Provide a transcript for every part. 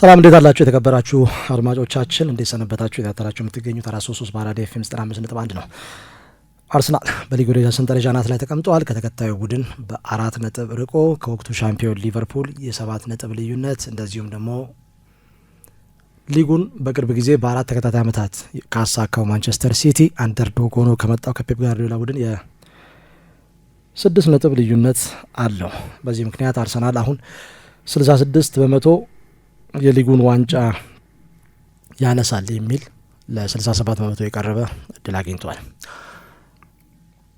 ሰላም እንዴት አላችሁ? የተከበራችሁ አድማጮቻችን እንዴት ሰነበታችሁ? የታተራችሁ የምትገኙት አራት ሶስት ሶስት በአራዳ ኤፍ ኤም ዘጠና አምስት ነጥብ አንድ ነው። አርሰናል በሊጉ ደረጃ ሰንጠረዥ አናት ላይ ተቀምጠዋል። ከተከታዩ ቡድን በአራት ነጥብ ርቆ ከወቅቱ ሻምፒዮን ሊቨርፑል የሰባት ነጥብ ልዩነት እንደዚሁም ደግሞ ሊጉን በቅርብ ጊዜ በአራት ተከታታይ ዓመታት ካሳካው ማንቸስተር ሲቲ አንደርዶግ ሆኖ ከመጣው ከፔፕ ጋርዲዮላ ቡድን የስድስት ነጥብ ልዩነት አለው። በዚህ ምክንያት አርሰናል አሁን ስልሳ ስድስት በመቶ የሊጉን ዋንጫ ያነሳል የሚል ለ67 በመቶ የቀረበ እድል አግኝቷል።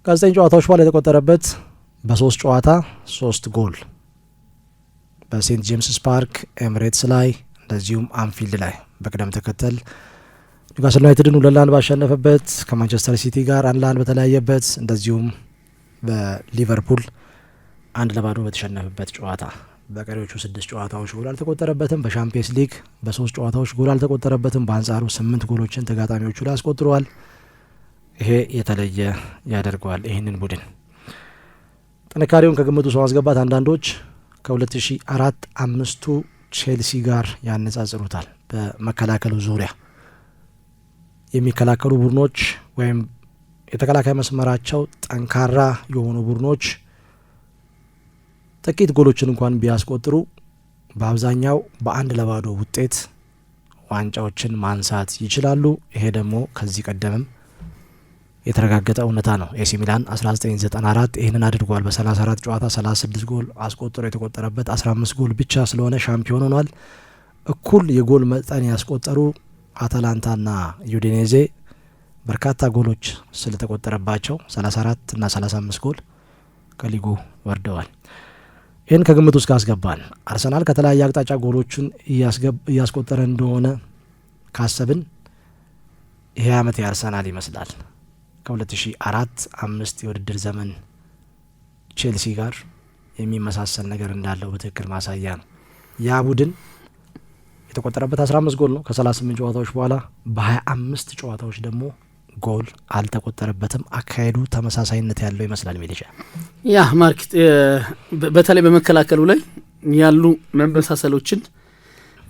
ከዘጠኝ ጨዋታዎች በኋላ የተቆጠረበት በሶስት ጨዋታ ሶስት ጎል በሴንት ጄምስስ ፓርክ፣ ኤምሬትስ ላይ እንደዚሁም አንፊልድ ላይ በቅደም ተከተል ኒውካስል ዩናይትድን ሁለት ለአንድ ባሸነፈበት ከማንቸስተር ሲቲ ጋር አንድ ለአንድ በተለያየበት እንደዚሁም በሊቨርፑል አንድ ለባዶ በተሸነፈበት ጨዋታ በቀሪዎቹ ስድስት ጨዋታዎች ጎል አልተቆጠረበትም። በሻምፒየንስ ሊግ በሶስት ጨዋታዎች ጎል አልተቆጠረበትም። በአንጻሩ ስምንት ጎሎችን ተጋጣሚዎቹ ላይ አስቆጥረዋል። ይሄ የተለየ ያደርገዋል ይህንን ቡድን። ጥንካሬውን ከግምቱ ሰው ማስገባት አንዳንዶች ከ2004 አምስቱ ቼልሲ ጋር ያነጻጽሩታል። በመከላከሉ ዙሪያ የሚከላከሉ ቡድኖች ወይም የተከላካይ መስመራቸው ጠንካራ የሆኑ ቡድኖች ጥቂት ጎሎችን እንኳን ቢያስቆጥሩ በአብዛኛው በአንድ ለባዶ ውጤት ዋንጫዎችን ማንሳት ይችላሉ። ይሄ ደግሞ ከዚህ ቀደምም የተረጋገጠ እውነታ ነው። ኤሲ ሚላን 1994 ይህንን አድርጓል። በ34 ጨዋታ 36 ጎል አስቆጥሮ የተቆጠረበት 15 ጎል ብቻ ስለሆነ ሻምፒዮን ሆኗል። እኩል የጎል መጠን ያስቆጠሩ አታላንታና ዩዲኔዜ በርካታ ጎሎች ስለተቆጠረባቸው 34 እና 35 ጎል ከሊጉ ወርደዋል። ይህን ከግምት ውስጥ ካስገባን አርሰናል ከተለያየ አቅጣጫ ጎሎቹን እያስቆጠረ እንደሆነ ካሰብን ይህ ዓመት የአርሰናል ይመስላል። ከ2004 አምስት የውድድር ዘመን ቼልሲ ጋር የሚመሳሰል ነገር እንዳለው በትክክል ማሳያ ነው። ያ ቡድን የተቆጠረበት 15 ጎል ነው ከ38 ጨዋታዎች በኋላ በ25 ጨዋታዎች ደግሞ ጎል አልተቆጠረበትም። አካሄዱ ተመሳሳይነት ያለው ይመስላል። ሜሌሻ ያ ማርክ በተለይ በመከላከሉ ላይ ያሉ መመሳሰሎችን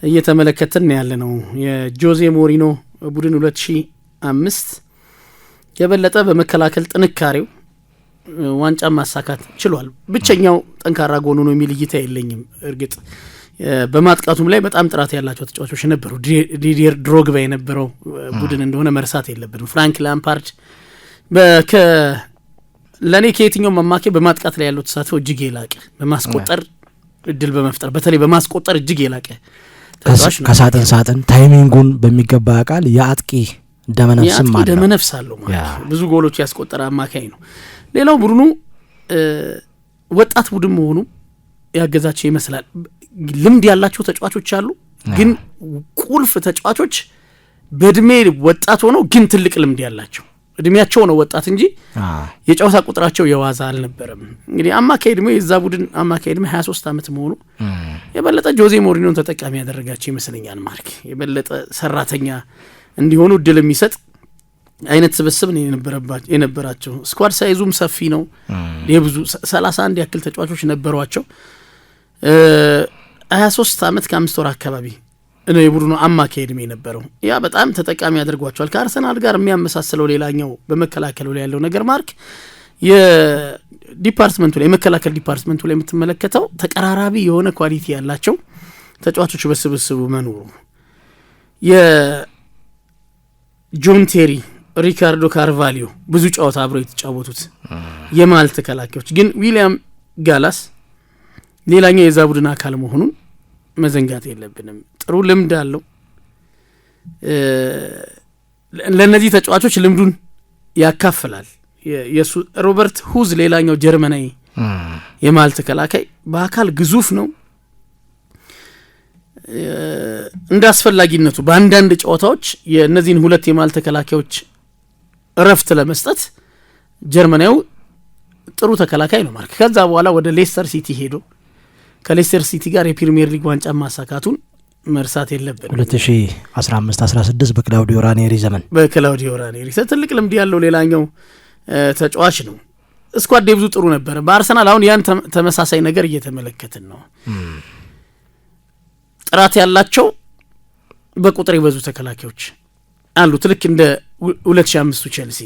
እየተመለከትን ያለ ነው። የጆዜ ሞሪኖ ቡድን ሁለት ሺ አምስት የበለጠ በመከላከል ጥንካሬው ዋንጫ ማሳካት ችሏል። ብቸኛው ጠንካራ ጎኑ ነው የሚል እይታ የለኝም እርግጥ በማጥቃቱም ላይ በጣም ጥራት ያላቸው ተጫዋቾች ነበሩ። ዲዲር ድሮግባ የነበረው ቡድን እንደሆነ መርሳት የለብንም። ፍራንክ ላምፓርድ ለእኔ ከየትኛውም አማካይ በማጥቃት ላይ ያለው ተሳትፎ እጅግ የላቀ በማስቆጠር እድል በመፍጠር በተለይ በማስቆጠር እጅግ የላቀ ከሳጥን ሳጥን ታይሚንጉን በሚገባ ቃል የአጥቂ ደመነፍስም አለው ደመነፍስ አለው ማለት ብዙ ጎሎች ያስቆጠረ አማካኝ ነው። ሌላው ቡድኑ ወጣት ቡድን መሆኑ ያገዛቸው ይመስላል። ልምድ ያላቸው ተጫዋቾች አሉ። ግን ቁልፍ ተጫዋቾች በእድሜ ወጣት ሆነው ግን ትልቅ ልምድ ያላቸው እድሜያቸው ነው ወጣት እንጂ የጨዋታ ቁጥራቸው የዋዛ አልነበረም። እንግዲህ አማካይ እድሜ የዛ ቡድን አማካይ እድሜ ሶስት ዓመት መሆኑ የበለጠ ጆዜ ሞሪኒዮን ተጠቃሚ ያደረጋቸው ይመስለኛል። ማርክ የበለጠ ሰራተኛ እንዲሆኑ እድል የሚሰጥ አይነት ስብስብ ነው የነበራቸው። ስኳድ ሳይዙም ሰፊ ነው። የብዙ አንድ ያክል ተጫዋቾች ነበሯቸው። 23 ሶስት አመት ከአምስት ወር አካባቢ ነው የቡድኑ አማካይ ዕድሜ የነበረው። ያ በጣም ተጠቃሚ ያደርጓቸዋል። ከአርሰናል ጋር የሚያመሳስለው ሌላኛው በመከላከሉ ላይ ያለው ነገር ማርክ የዲፓርትመንቱ ላይ የመከላከል ዲፓርትመንቱ ላይ የምትመለከተው ተቀራራቢ የሆነ ኳሊቲ ያላቸው ተጫዋቾች በስብስቡ መኖሩ የጆን ቴሪ፣ ሪካርዶ ካርቫሊዮ ብዙ ጨዋታ አብረው የተጫወቱት የማል ተከላካዮች ግን ዊሊያም ጋላስ ሌላኛው የዛ ቡድን አካል መሆኑን መዘንጋት የለብንም። ጥሩ ልምድ አለው። ለእነዚህ ተጫዋቾች ልምዱን ያካፍላል። የሱ ሮበርት ሁዝ ሌላኛው ጀርመናዊ የማል ተከላካይ በአካል ግዙፍ ነው። እንደ አስፈላጊነቱ በአንዳንድ ጨዋታዎች የእነዚህን ሁለት የማል ተከላካዮች እረፍት ለመስጠት ጀርመናዊው ጥሩ ተከላካይ ነው ማርክ ከዛ በኋላ ወደ ሌስተር ሲቲ ሄዶ ከሌስተር ሲቲ ጋር የፕሪሚየር ሊግ ዋንጫ ማሳካቱን መርሳት የለብን። 2015 16 በክላውዲዮ ራኔሪ ዘመን በክላውዲዮ ራኔሪ ትልቅ ልምድ ያለው ሌላኛው ተጫዋች ነው። እስኳድ ብዙ ጥሩ ነበረ። በአርሰናል አሁን ያን ተመሳሳይ ነገር እየተመለከትን ነው። ጥራት ያላቸው በቁጥር የበዙ ተከላካዮች አሉት። ልክ እንደ 2005ቱ ቼልሲ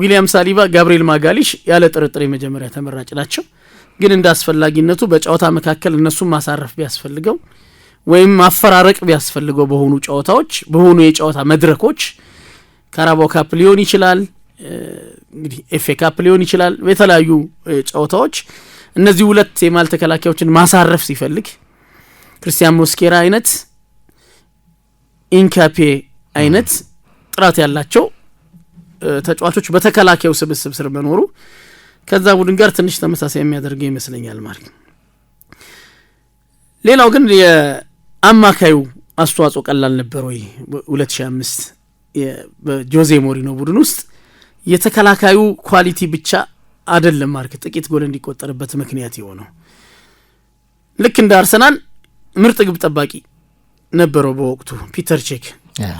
ዊሊያም ሳሊባ፣ ጋብሪኤል ማጋሊሽ ያለ ጥርጥር የመጀመሪያ ተመራጭ ናቸው። ግን እንደ አስፈላጊነቱ በጨዋታ መካከል እነሱን ማሳረፍ ቢያስፈልገው ወይም ማፈራረቅ ቢያስፈልገው በሆኑ ጨዋታዎች በሆኑ የጨዋታ መድረኮች ካራባው ካፕ ሊሆን ይችላል፣ እንግዲህ ኤፌ ካፕ ሊሆን ይችላል። የተለያዩ ጨዋታዎች እነዚህ ሁለት የማል ተከላካዮችን ማሳረፍ ሲፈልግ ክርስቲያን ሞስኬራ አይነት ኢንካፔ አይነት ጥራት ያላቸው ተጫዋቾች በተከላካዩ ስብስብ ስር መኖሩ ከዛ ቡድን ጋር ትንሽ ተመሳሳይ የሚያደርገው ይመስለኛል ማለት ሌላው ግን የአማካዩ አስተዋጽኦ ቀላል ነበር ወይ? ሁለት ሺ አምስት በጆዜ ሞሪኖ ቡድን ውስጥ የተከላካዩ ኳሊቲ ብቻ አይደለም ማርክ ጥቂት ጎል እንዲቆጠርበት ምክንያት የሆነው ልክ እንደ አርሰናል ምርጥ ግብ ጠባቂ ነበረው በወቅቱ ፒተር ቼክ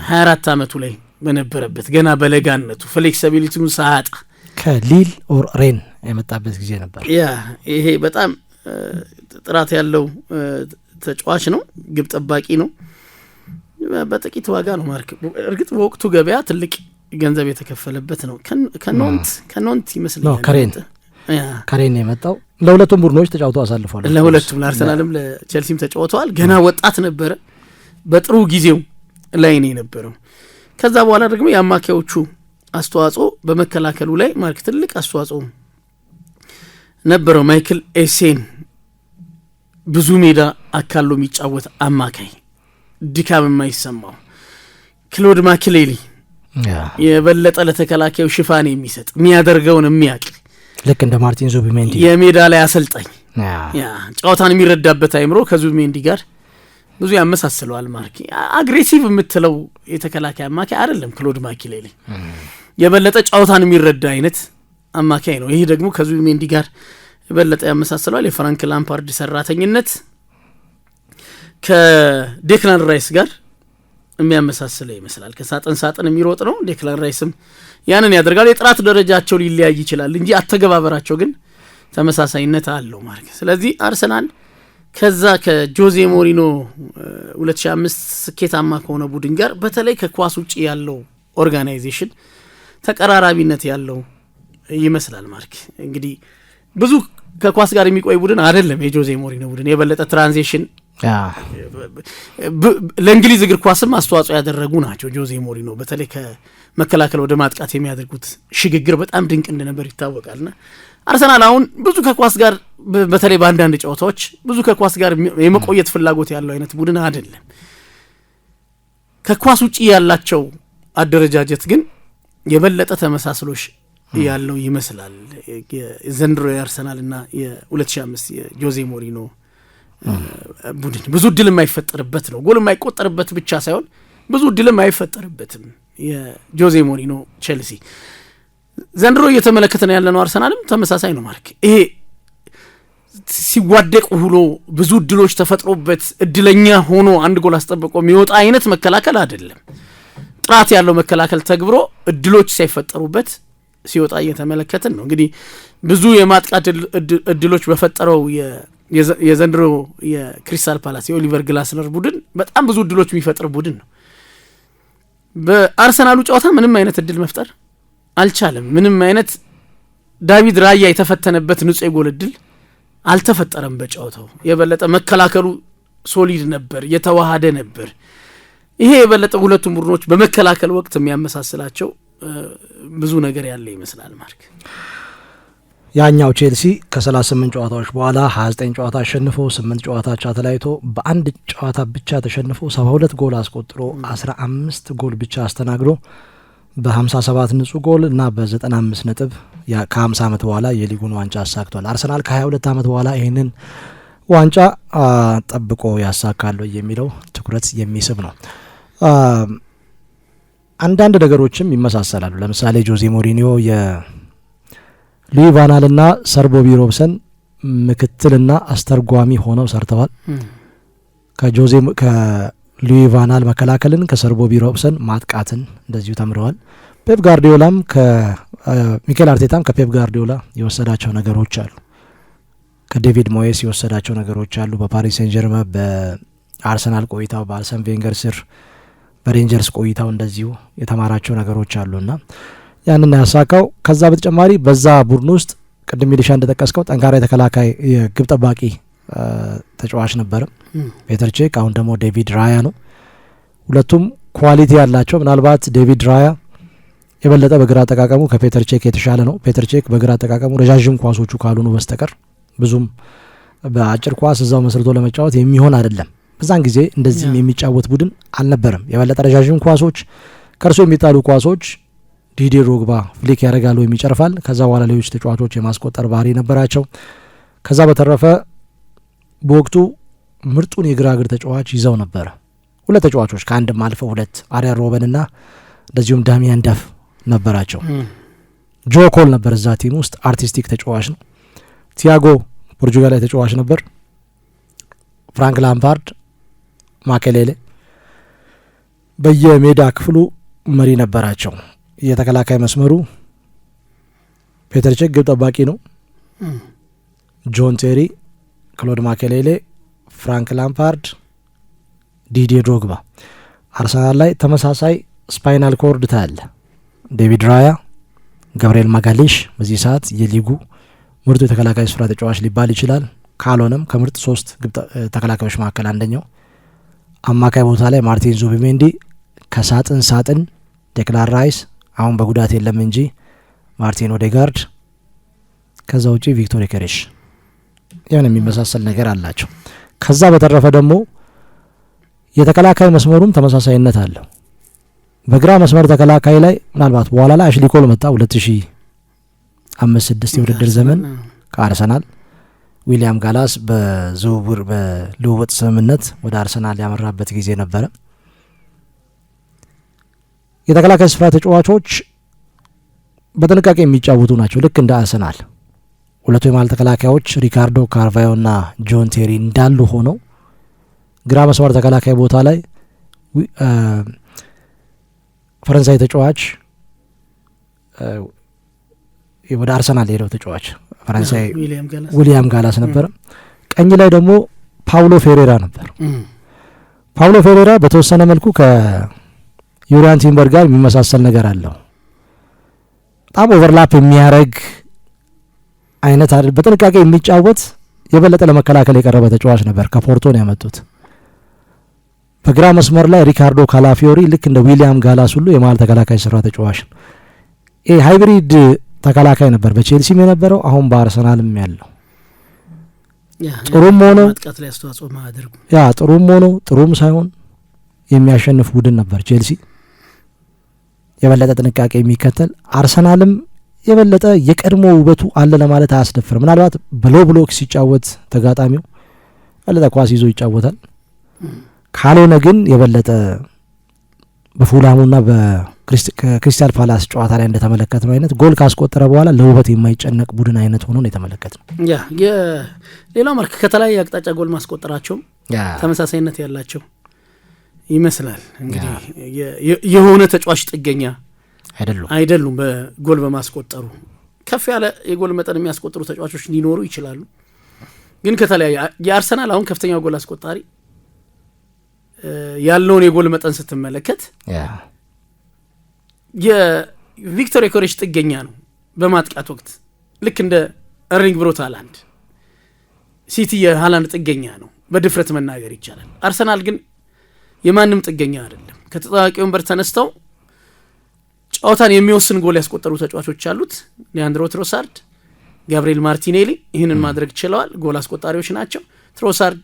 ሀያ አራት አመቱ ላይ በነበረበት ገና በለጋነቱ ፍሌክሲቢሊቲውን ሳያጣ ከሊል ኦር ሬን የመጣበት ጊዜ ነበር። ያ ይሄ በጣም ጥራት ያለው ተጫዋች ነው። ግብ ጠባቂ ነው። በጥቂት ዋጋ ነው ማርክ። እርግጥ በወቅቱ ገበያ ትልቅ ገንዘብ የተከፈለበት ነው። ከኖንት ከኖንት ይመስለኛል ከሬን ከሬን የመጣው ለሁለቱም ቡድኖች ተጫውቶ አሳልፏል። ለሁለቱም ለአርሰናልም ለቼልሲም ተጫውተዋል። ገና ወጣት ነበረ። በጥሩ ጊዜው ላይ ነው የነበረው። ከዛ በኋላ ደግሞ የአማካዮቹ አስተዋጽኦ በመከላከሉ ላይ ማለት ትልቅ አስተዋጽኦ ነበረው። ማይክል ኤሴን ብዙ ሜዳ አካሎ የሚጫወት አማካይ፣ ድካም የማይሰማው ክሎድ ማክሌሊ የበለጠ ለተከላካዩ ሽፋን የሚሰጥ የሚያደርገውን የሚያቅ ልክ እንደ ማርቲን ዙቢሜንዲ የሜዳ ላይ አሰልጣኝ ጨዋታን የሚረዳበት አይምሮ ከዙቢሜንዲ ጋር ብዙ ያመሳስለዋል። ማርኪ አግሬሲቭ የምትለው የተከላካይ አማካይ አይደለም ክሎድ ማኪሌሊ የበለጠ ጨዋታን የሚረዳ አይነት አማካይ ነው። ይህ ደግሞ ከዙቢሜንዲ ጋር የበለጠ ያመሳስለዋል። የፍራንክ ላምፓርድ ሰራተኝነት ከዴክላን ራይስ ጋር የሚያመሳስለ ይመስላል። ከሳጥን ሳጥን የሚሮጥ ነው። ዴክላን ራይስም ያንን ያደርጋል። የጥራት ደረጃቸው ሊለያይ ይችላል እንጂ አተገባበራቸው ግን ተመሳሳይነት አለው ማለት ነው። ስለዚህ አርሰናል ከዛ ከጆዜ ሞሪኖ 2005 ስኬታማ ከሆነ ቡድን ጋር በተለይ ከኳስ ውጭ ያለው ኦርጋናይዜሽን ተቀራራቢነት ያለው ይመስላል። ማርክ እንግዲህ ብዙ ከኳስ ጋር የሚቆይ ቡድን አይደለም የጆዜ ሞሪኖ ቡድን። የበለጠ ትራንዚሽን ለእንግሊዝ እግር ኳስም አስተዋጽኦ ያደረጉ ናቸው። ጆዜ ሞሪኖ በተለይ ከመከላከል ወደ ማጥቃት የሚያደርጉት ሽግግር በጣም ድንቅ እንደነበር ይታወቃልና አርሰናል አሁን ብዙ ከኳስ ጋር በተለይ በአንዳንድ ጨዋታዎች ብዙ ከኳስ ጋር የመቆየት ፍላጎት ያለው አይነት ቡድን አይደለም። ከኳስ ውጭ ያላቸው አደረጃጀት ግን የበለጠ ተመሳስሎሽ ያለው ይመስላል ዘንድሮ እና የ2005 የጆዜ ሞሪኖ ቡድን ብዙ እድል የማይፈጠርበት ነው። ጎል የማይቆጠርበት ብቻ ሳይሆን ብዙ እድልም አይፈጠርበትም። የጆዜ ሞሪኖ ቼልሲ ዘንድሮ እየተመለከተ ነው ያለነው አርሰናልም ተመሳሳይ ነው። ማርክ ይሄ ሲዋደቅ ውሎ ብዙ እድሎች ተፈጥሮበት እድለኛ ሆኖ አንድ ጎል አስጠብቆ የሚወጣ አይነት መከላከል አይደለም። ጥራት ያለው መከላከል ተግብሮ እድሎች ሳይፈጠሩበት ሲወጣ እየተመለከትን ነው። እንግዲህ ብዙ የማጥቃት እድሎች በፈጠረው የዘንድሮ የክሪስታል ፓላስ የኦሊቨር ግላስነር ቡድን በጣም ብዙ እድሎች የሚፈጥር ቡድን ነው። በአርሰናሉ ጨዋታ ምንም አይነት እድል መፍጠር አልቻለም። ምንም አይነት ዳቪድ ራያ የተፈተነበት ንጹህ የጎል እድል አልተፈጠረም። በጨዋታው የበለጠ መከላከሉ ሶሊድ ነበር፣ የተዋሃደ ነበር። ይሄ የበለጠ ሁለቱም ቡድኖች በመከላከል ወቅት የሚያመሳስላቸው ብዙ ነገር ያለ ይመስላል። ማርክ ያኛው ቼልሲ ከ38 ጨዋታዎች በኋላ 29 ጨዋታ አሸንፎ 8 ጨዋታ አቻ ተለያይቶ በአንድ ጨዋታ ብቻ ተሸንፎ 72 ጎል አስቆጥሮ 15 ጎል ብቻ አስተናግዶ በ57 ንጹህ ጎል እና በ95 ነጥብ ከ50 ዓመት በኋላ የሊጉን ዋንጫ አሳክቷል። አርሰናል ከ22 ዓመት በኋላ ይህንን ዋንጫ ጠብቆ ያሳካሉ የሚለው ትኩረት የሚስብ ነው። አንዳንድ ነገሮችም ይመሳሰላሉ። ለምሳሌ ጆዜ ሞሪኒዮ የሉዊ ቫናልና ሰር ቦቢ ሮብሰን ምክትልና አስተርጓሚ ሆነው ሰርተዋል። ከጆዜ ከሉዊ ቫናል መከላከልን፣ ከሰር ቦቢ ሮብሰን ማጥቃትን እንደዚሁ ተምረዋል። ፔፕ ጋርዲዮላም ሚካኤል አርቴታም ከፔፕ ጋርዲዮላ የወሰዳቸው ነገሮች አሉ። ከዴቪድ ሞየስ የወሰዳቸው ነገሮች አሉ። በፓሪስ ሴንጀርማ በአርሰናል ቆይታው በአርሰን ቬንገር ስር በሬንጀርስ ቆይታው እንደዚሁ የተማራቸው ነገሮች አሉና ያንን ያሳካው። ከዛ በተጨማሪ በዛ ቡድን ውስጥ ቅድም ሚሊሻ እንደጠቀስከው ጠንካራ የተከላካይ የግብ ጠባቂ ተጫዋች ነበር። ፔተር ቼክ፣ አሁን ደግሞ ዴቪድ ራያ ነው። ሁለቱም ኳሊቲ ያላቸው ምናልባት ዴቪድ ራያ የበለጠ በግራ አጠቃቀሙ ከፔተር ቼክ የተሻለ ነው። ፔተር ቼክ በግራ አጠቃቀሙ ረዣዥም ኳሶቹ ካልሆኑ በስተቀር ብዙም በአጭር ኳስ እዛው መስርቶ ለመጫወት የሚሆን አይደለም። በዛን ጊዜ እንደዚህም የሚጫወት ቡድን አልነበረም። የበለጠ ረዣዥም ኳሶች ከእርሶ የሚጣሉ ኳሶች ዲዲር ሮግባ ፍሊክ ያደርጋል ወይም ይጨርፋል። ከዛ በኋላ ሌሎች ተጫዋቾች የማስቆጠር ባህሪ ነበራቸው። ከዛ በተረፈ በወቅቱ ምርጡን የግራ እግር ተጫዋች ይዘው ነበረ። ሁለት ተጫዋቾች ከአንድም አልፈው ሁለት አሪያን ሮበንና እንደዚሁም ዳሚያን ዳፍ ነበራቸው። ጆ ኮል ነበር እዛ ቲም ውስጥ አርቲስቲክ ተጫዋች ነው። ቲያጎ ፖርቹጋላዊ ተጫዋች ነበር። ፍራንክ ላምፓርድ ማከሌሌ በየሜዳ ክፍሉ መሪ ነበራቸው። የተከላካይ መስመሩ ፔተር ቼክ ግብ ጠባቂ ነው። ጆን ቴሪ፣ ክሎድ ማከሌሌ፣ ፍራንክ ላምፓርድ፣ ዲዲ ድሮግባ። አርሰናል ላይ ተመሳሳይ ስፓይናል ኮርድ ታያለ። ዴቪድ ራያ፣ ገብርኤል ማጋሌሽ በዚህ ሰዓት የሊጉ ምርጡ የተከላካይ ስፍራ ተጫዋች ሊባል ይችላል። ካልሆነም ከምርጥ ሶስት ተከላካዮች መካከል አንደኛው አማካይ ቦታ ላይ ማርቲን ዙቢሜንዲ ከሳጥን ሳጥን ዴክላን ራይስ አሁን በጉዳት የለም እንጂ ማርቲን ኦዴጋርድ ከዛ ውጪ ቪክቶሪ ከሬሽ ያን የሚመሳሰል ነገር አላቸው። ከዛ በተረፈ ደግሞ የተከላካይ መስመሩም ተመሳሳይነት አለው። በግራ መስመር ተከላካይ ላይ ምናልባት በኋላ ላይ አሽሊኮል መጣ ሁለት ሺ አምስት ስድስት የውድድር ዘመን ከአርሰናል ዊሊያም ጋላስ በዝውውር በልውውጥ ስምምነት ወደ አርሰናል ያመራበት ጊዜ ነበረ። የተከላካይ ስፍራ ተጫዋቾች በጥንቃቄ የሚጫወቱ ናቸው፣ ልክ እንደ አርሰናል። ሁለቱ የመሀል ተከላካዮች ሪካርዶ ካርቫዮና ጆን ቴሪ እንዳሉ ሆነው ግራ መስመር ተከላካይ ቦታ ላይ ፈረንሳይ ተጫዋች ወደ አርሰናል የሄደው ተጫዋች ፈረንሳይ ዊሊያም ጋላስ ነበረ። ቀኝ ላይ ደግሞ ፓውሎ ፌሬራ ነበር። ፓውሎ ፌሬራ በተወሰነ መልኩ ከዩሪያን ቲምበር ጋር የሚመሳሰል ነገር አለው። በጣም ኦቨርላፕ የሚያደርግ አይነት አይደል፣ በጥንቃቄ የሚጫወት የበለጠ ለመከላከል የቀረበ ተጫዋች ነበር። ከፖርቶ ነው ያመጡት። በግራ መስመር ላይ ሪካርዶ ካላፊዮሪ ልክ እንደ ዊሊያም ጋላስ ሁሉ የመሀል ተከላካይ ስራ ተጫዋች ነው። ይህ ሃይብሪድ ተከላካይ ነበር በቼልሲም የነበረው አሁን በአርሰናልም ያለው ጥሩም ሆኖ ያ ጥሩም ሆኖ ጥሩም ሳይሆን የሚያሸንፍ ቡድን ነበር ቼልሲ የበለጠ ጥንቃቄ የሚከተል አርሰናልም የበለጠ የቀድሞ ውበቱ አለ ለማለት አያስደፍርም። ምናልባት ብሎ ብሎክ ሲጫወት ተጋጣሚው በለጠ ኳስ ይዞ ይጫወታል። ካልሆነ ግን የበለጠ በፉላሙና ከክሪስታል ፓላስ ጨዋታ ላይ እንደተመለከት ነው አይነት ጎል ካስቆጠረ በኋላ ለውበት የማይጨነቅ ቡድን አይነት ሆኖ የተመለከት ነው። ያ ሌላው መልክ ከተለያየ አቅጣጫ ጎል ማስቆጠራቸውም ተመሳሳይነት ያላቸው ይመስላል። እንግዲህ የሆነ ተጫዋች ጥገኛ አይደሉም አይደሉም። በጎል በማስቆጠሩ ከፍ ያለ የጎል መጠን የሚያስቆጥሩ ተጫዋቾች ሊኖሩ ይችላሉ። ግን ከተለያየ የአርሰናል አሁን ከፍተኛው ጎል አስቆጣሪ ያለውን የጎል መጠን ስትመለከት የቪክቶር ኮሬጅ ጥገኛ ነው በማጥቃት ወቅት ልክ እንደ እርሊንግ ብሮት ሃላንድ። ሲቲ የሃላንድ ጥገኛ ነው በድፍረት መናገር ይቻላል። አርሰናል ግን የማንም ጥገኛ አይደለም። ከተጠባባቂ ወንበር ተነስተው ጨዋታን የሚወስን ጎል ያስቆጠሩ ተጫዋቾች አሉት። ሊያንድሮ ትሮሳርድ፣ ጋብሪኤል ማርቲኔሊ ይህንን ማድረግ ችለዋል። ጎል አስቆጣሪዎች ናቸው። ትሮሳርድ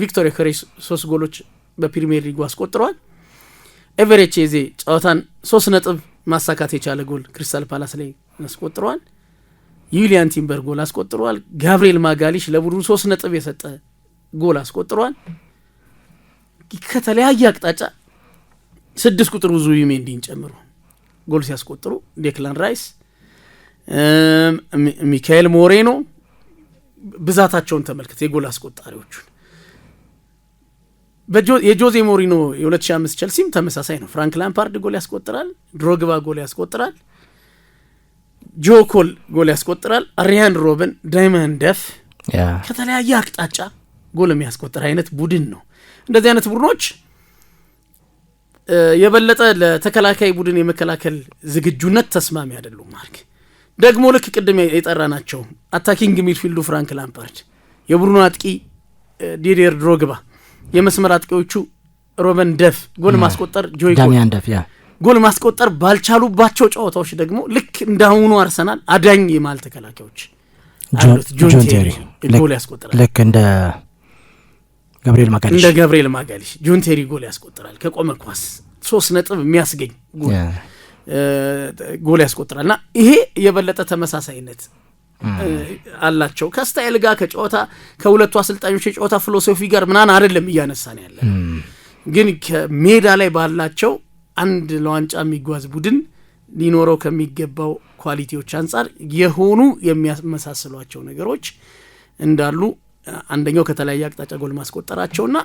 ቪክቶር ክሬ ሶስት ጎሎች በፕሪሚየር ሊጉ አስቆጥረዋል። ኤቨሬች የዜ ጨዋታን ሶስት ነጥብ ማሳካት የቻለ ጎል ክሪስታል ፓላስ ላይ አስቆጥረዋል። ዩሊያን ቲምበር ጎል አስቆጥረዋል። ጋብሪኤል ማጋሊሽ ለቡድኑ ሶስት ነጥብ የሰጠ ጎል አስቆጥረዋል። ከተለያየ አቅጣጫ ስድስት ቁጥር ብዙ እንዲን ጨምሮ ጎል ሲያስቆጥሩ ዴክላን ራይስ፣ ሚካኤል ሞሬኖ ብዛታቸውን ተመልከት የጎል አስቆጣሪዎቹን። የጆዜ ሞሪኖ የ 205 ቸልሲም ተመሳሳይ ነው። ፍራንክ ላምፓርድ ጎል ያስቆጥራል፣ ድሮግባ ጎል ያስቆጥራል፣ ጆኮል ጎል ያስቆጥራል፣ አሪያን ሮበን፣ ደፍ ከተለያየ አቅጣጫ ጎል የሚያስቆጥር አይነት ቡድን ነው። እንደዚህ አይነት ቡድኖች የበለጠ ለተከላካይ ቡድን የመከላከል ዝግጁነት ተስማሚ አይደሉም ማርክ ደግሞ ልክ ቅድም የጠራ ናቸው አታኪንግ ሚድፊልዱ ፍራንክ ላምፓርድ፣ የቡድኑ አጥቂ ዲዴር ድሮግባ፣ የመስመር አጥቂዎቹ ሮበን ደፍ ጎል ማስቆጠር ጆይ ጎል ማስቆጠር ባልቻሉባቸው ጨዋታዎች ደግሞ ልክ እንዳሁኑ አርሰናል አዳኝ የመሀል ተከላካዮች ጆን ቴሪ ጎል ያስቆጥራል። ልክ እንደ ገብርኤል ማጋሊሽ እንደ ገብርኤል ማጋሊሽ ጆን ቴሪ ጎል ያስቆጥራል። ከቆመ ኳስ ሶስት ነጥብ የሚያስገኝ ጎል ጎል ያስቆጥራል እና ይሄ የበለጠ ተመሳሳይነት አላቸው ከስታይል ጋር ከጨዋታ ከሁለቱ አሰልጣኞች የጨዋታ ፊሎሶፊ ጋር ምናን አደለም እያነሳን ያለ ግን ከሜዳ ላይ ባላቸው አንድ ለዋንጫ የሚጓዝ ቡድን ሊኖረው ከሚገባው ኳሊቲዎች አንጻር የሆኑ የሚያመሳስሏቸው ነገሮች እንዳሉ አንደኛው ከተለያየ አቅጣጫ ጎል ማስቆጠራቸውና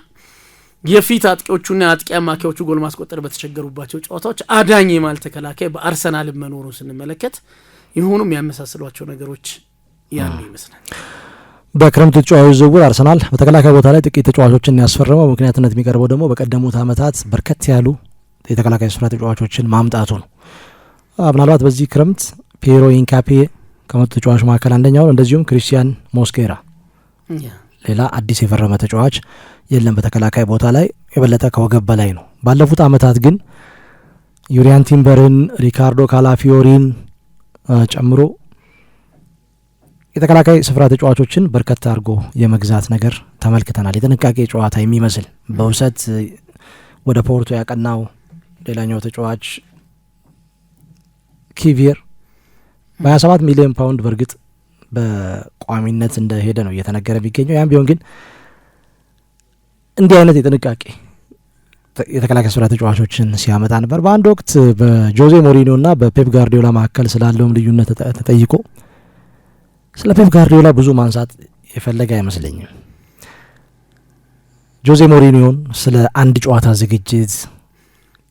የፊት አጥቂዎቹና የአጥቂ አማካዮቹ ጎል ማስቆጠር በተቸገሩባቸው ጨዋታዎች አዳኝ የማል ተከላካይ በአርሰናል መኖሩ ስንመለከት ይሁኑም ያመሳስሏቸው ነገሮች ያሉ ይመስላል። በክረምት ተጫዋቾች ዝውውር አርሰናል በተከላካይ ቦታ ላይ ጥቂት ተጫዋቾችን ያስፈረመው ምክንያትነት የሚቀርበው ደግሞ በቀደሙት ዓመታት በርከት ያሉ የተከላካይ ስፍራ ተጫዋቾችን ማምጣቱ ነው። ምናልባት በዚህ ክረምት ፔሮ ኢንካፔ ከመጡ ተጫዋች መካከል አንደኛውን፣ እንደዚሁም ክሪስቲያን ሞስኬራ ሌላ አዲስ የፈረመ ተጫዋች የለም በተከላካይ ቦታ ላይ የበለጠ ከወገብ በላይ ነው። ባለፉት አመታት ግን ዩሪያን ቲምበርን፣ ሪካርዶ ካላፊዮሪን ጨምሮ የተከላካይ ስፍራ ተጫዋቾችን በርከት አድርጎ የመግዛት ነገር ተመልክተናል። የጥንቃቄ ጨዋታ የሚመስል በውሰት ወደ ፖርቶ ያቀናው ሌላኛው ተጫዋች ኪቪር በ27 ሚሊዮን ፓውንድ በእርግጥ በቋሚነት እንደሄደ ነው እየተነገረ የሚገኘው። ያም ቢሆን ግን እንዲህ አይነት የጥንቃቄ የተከላካይ ስፍራ ተጫዋቾችን ሲያመጣ ነበር። በአንድ ወቅት በጆዜ ሞሪኒዮና በፔፕ ጋርዲዮላ መካከል ስላለውም ልዩነት ተጠይቆ ስለ ፔፕ ጋርዲዮላ ብዙ ማንሳት የፈለገ አይመስለኝም። ጆዜ ሞሪኒዮን ስለ አንድ ጨዋታ ዝግጅት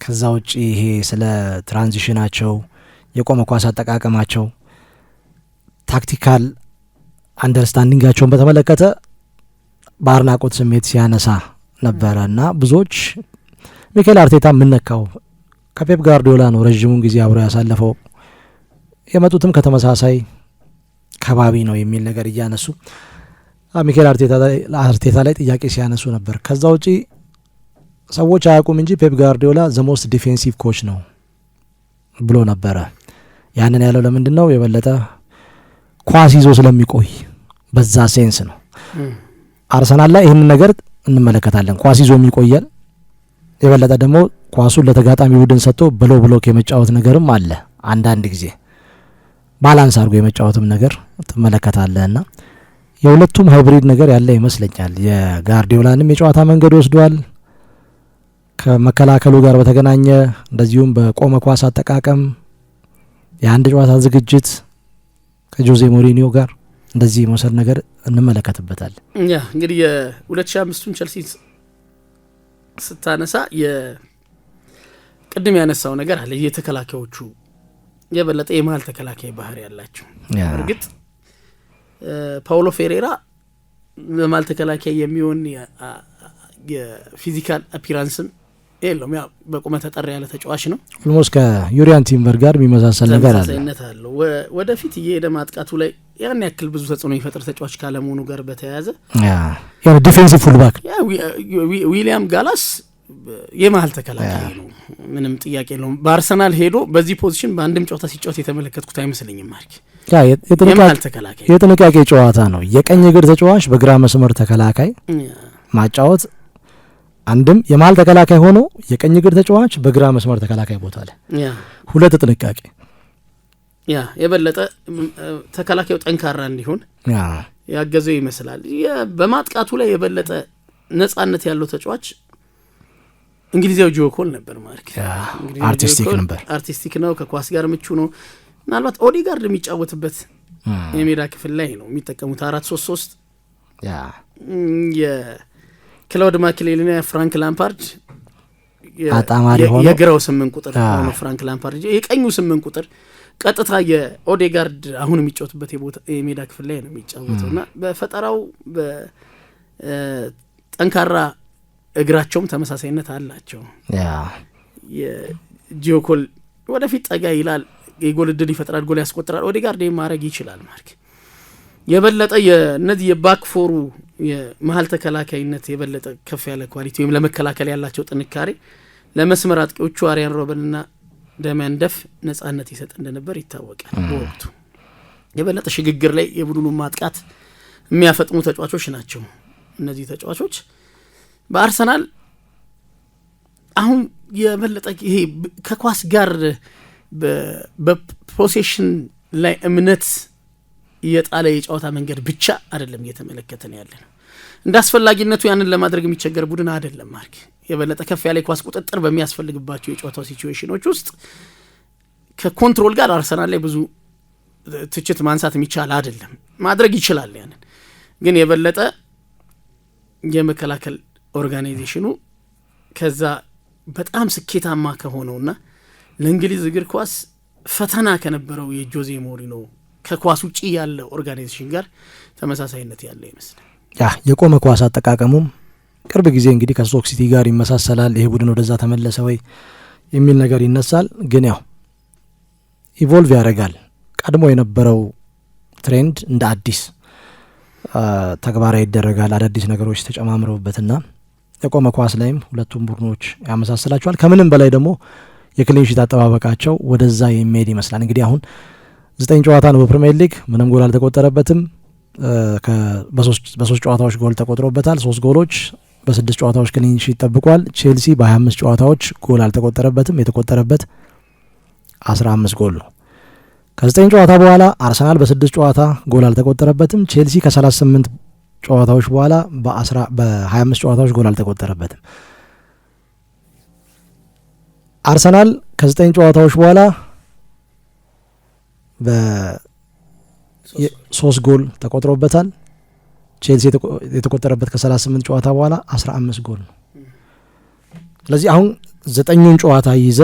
ከዛ ውጭ ይሄ ስለ ትራንዚሽናቸው፣ የቆመ ኳስ አጠቃቀማቸው፣ ታክቲካል አንደርስታንዲንጋቸውን በተመለከተ በአድናቆት ስሜት ሲያነሳ ነበረ እና ብዙዎች ሚካኤል አርቴታ የምነካው ከፔፕ ጋርዲዮላ ነው ረዥሙን ጊዜ አብሮ ያሳለፈው የመጡትም ከተመሳሳይ ከባቢ ነው የሚል ነገር እያነሱ ሚካኤል አርቴታ ላይ ጥያቄ ሲያነሱ ነበር። ከዛ ውጪ ሰዎች አያውቁም እንጂ ፔፕ ጋርዲዮላ ዘሞስት ዲፌንሲቭ ኮች ነው ብሎ ነበረ። ያንን ያለው ለምንድን ነው? የበለጠ ኳስ ይዞ ስለሚቆይ በዛ ሴንስ ነው። አርሰናል ላይ ይህንን ነገር እንመለከታለን። ኳስ ይዞም ይቆያል። የበለጠ ደግሞ ኳሱን ለተጋጣሚ ቡድን ሰጥቶ ብሎ ብሎክ የመጫወት ነገርም አለ። አንዳንድ ጊዜ ባላንስ አድርጎ የመጫወትም ነገር ትመለከታለህና የሁለቱም ሃይብሪድ ነገር ያለ ይመስለኛል። የጋርዲዮላንም የጨዋታ መንገድ ወስዷል። ከመከላከሉ ጋር በተገናኘ እንደዚሁም በቆመ ኳስ አጠቃቀም የአንድ ጨዋታ ዝግጅት ከጆዜ ሞሪኒዮ ጋር እንደዚህ የመውሰድ ነገር እንመለከትበታለን። ያ እንግዲህ የ 2005 አምስቱን ቸልሲ ስታነሳ ቅድም ያነሳው ነገር አለ። የተከላካዮቹ የበለጠ የመሀል ተከላካይ ባህሪ ያላቸው እርግጥ ፓውሎ ፌሬራ በመሀል ተከላካይ የሚሆን የፊዚካል አፒራንስም የለውም። ያ ያለ ተጫዋች ነው። ኦልሞስት ከዩሪያን ቲምበር ጋር የሚመሳሰል ነገር አለነት አለው። ወደፊት እየሄደ ማጥቃቱ ላይ ያን ያክል ብዙ ተጽዕኖ የሚፈጥር ተጫዋች ካለመሆኑ ጋር በተያያዘ ያው ዲፌንሲቭ ፉልባክ ዊሊያም ጋላስ የመሀል ተከላካይ ነው። ምንም ጥያቄ የለውም። በአርሰናል ሄዶ በዚህ ፖዚሽን በአንድም ጨዋታ ሲጫወት የተመለከትኩት አይመስለኝም። ማርክ የጥንቃቄ ጨዋታ ነው። የቀኝ እግር ተጫዋች በግራ መስመር ተከላካይ ማጫወት አንድም የመሀል ተከላካይ ሆኖ የቀኝ እግር ተጫዋች በግራ መስመር ተከላካይ ቦታ ላይ ሁለት ጥንቃቄ ያ የበለጠ ተከላካዩ ጠንካራ እንዲሆን ያገዘው ይመስላል። በማጥቃቱ ላይ የበለጠ ነጻነት ያለው ተጫዋች እንግሊዛዊ ጆኮል ነበር ማለት አርቲስቲክ ነበር። አርቲስቲክ ነው፣ ከኳስ ጋር ምቹ ነው። ምናልባት ኦዲጋርድ የሚጫወትበት የሜዳ ክፍል ላይ ነው የሚጠቀሙት አራት ሶስት ሶስት ክሎድ ማክሌልና ፍራንክ ላምፓርድ የግራው ስምንት ቁጥር ሆኖ ፍራንክ ላምፓርድ የቀኙ ስምንት ቁጥር ቀጥታ የኦዴጋርድ አሁን የሚጫወትበት የሜዳ ክፍል ላይ ነው የሚጫወተው እና በፈጠራው ጠንካራ እግራቸውም ተመሳሳይነት አላቸው። የጂኮል ወደፊት ጠጋ ይላል፣ የጎል እድል ይፈጥራል፣ ጎል ያስቆጥራል። ኦዴጋርድ ማድረግ ይችላል። ማርክ የበለጠ የእነዚህ የባክፎሩ የመሀል ተከላካይነት የበለጠ ከፍ ያለ ኳሊቲ ወይም ለመከላከል ያላቸው ጥንካሬ ለመስመር አጥቂዎቹ አሪያን ና ደሚያን ደፍ ነጻነት ይሰጥ እንደነበር ይታወቃል። በወቅቱ የበለጠ ሽግግር ላይ የቡድኑ ማጥቃት የሚያፈጥሙ ተጫዋቾች ናቸው። እነዚህ ተጫዋቾች በአርሰናል አሁን የበለጠ ይሄ ከኳስ ጋር በፖሴሽን ላይ እምነት የጣለ የጨዋታ መንገድ ብቻ አይደለም እየተመለከተን ያለ ነው። እንደ አስፈላጊነቱ ያንን ለማድረግ የሚቸገር ቡድን አይደለም። ማርክ የበለጠ ከፍ ያለ የኳስ ቁጥጥር በሚያስፈልግባቸው የጨዋታው ሲዌሽኖች ውስጥ ከኮንትሮል ጋር አርሰናል ላይ ብዙ ትችት ማንሳት የሚቻል አይደለም። ማድረግ ይችላል። ያንን ግን የበለጠ የመከላከል ኦርጋናይዜሽኑ ከዛ በጣም ስኬታማ ከሆነውና ለእንግሊዝ እግር ኳስ ፈተና ከነበረው የጆዜ ሞሪኖ ከኳስ ውጭ ያለ ኦርጋናይዜሽን ጋር ተመሳሳይነት ያለው ይመስላል። ያ የቆመ ኳስ አጠቃቀሙም ቅርብ ጊዜ እንግዲህ ከስቶክ ሲቲ ጋር ይመሳሰላል። ይሄ ቡድን ወደዛ ተመለሰ ወይ የሚል ነገር ይነሳል። ግን ያው ኢቮልቭ ያደርጋል። ቀድሞ የነበረው ትሬንድ እንደ አዲስ ተግባራዊ ይደረጋል። አዳዲስ ነገሮች ተጨማምረውበትና የቆመ ኳስ ላይም ሁለቱም ቡድኖች ያመሳስላቸዋል። ከምንም በላይ ደግሞ የክሊንሽት አጠባበቃቸው ወደዛ የሚሄድ ይመስላል። እንግዲህ አሁን ዘጠኝ ጨዋታ ነው በፕሪሚየር ሊግ ምንም ጎል አልተቆጠረበትም። በሶስት ጨዋታዎች ጎል ተቆጥሮበታል፣ ሶስት ጎሎች። በስድስት ጨዋታዎች ክሊንሺ ይጠብቋል። ቼልሲ በ25 ጨዋታዎች ጎል አልተቆጠረበትም፣ የተቆጠረበት 15 ጎል ነው ከዘጠኝ ጨዋታ በኋላ አርሰናል በስድስት ጨዋታ ጎል አልተቆጠረበትም። ቼልሲ ከ38 ጨዋታዎች በኋላ በ25 ጨዋታዎች ጎል አልተቆጠረበትም። አርሰናል ከዘጠኝ ጨዋታዎች በኋላ በሶስት ጎል ተቆጥሮበታል። ቼልሲ የተቆጠረበት ከ38 ጨዋታ በኋላ 15 ጎል ነው። ስለዚህ አሁን ዘጠኙን ጨዋታ ይዘ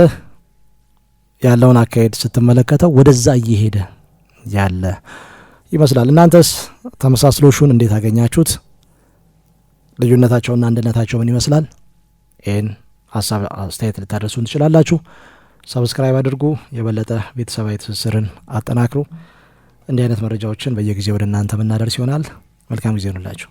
ያለውን አካሄድ ስትመለከተው ወደዛ እየሄደ ያለ ይመስላል። እናንተስ ተመሳስሎሹን እንዴት አገኛችሁት? ልዩነታቸውና አንድነታቸው ምን ይመስላል? ይህን ሀሳብ አስተያየት ልታደርሱን ትችላላችሁ። ሰብስክራይብ አድርጉ። የበለጠ ቤተሰባዊ ትስስርን አጠናክሩ። እንዲህ አይነት መረጃዎችን በየጊዜው ወደ እናንተ የምናደርስ ይሆናል። መልካም ጊዜ ሆንላችሁ።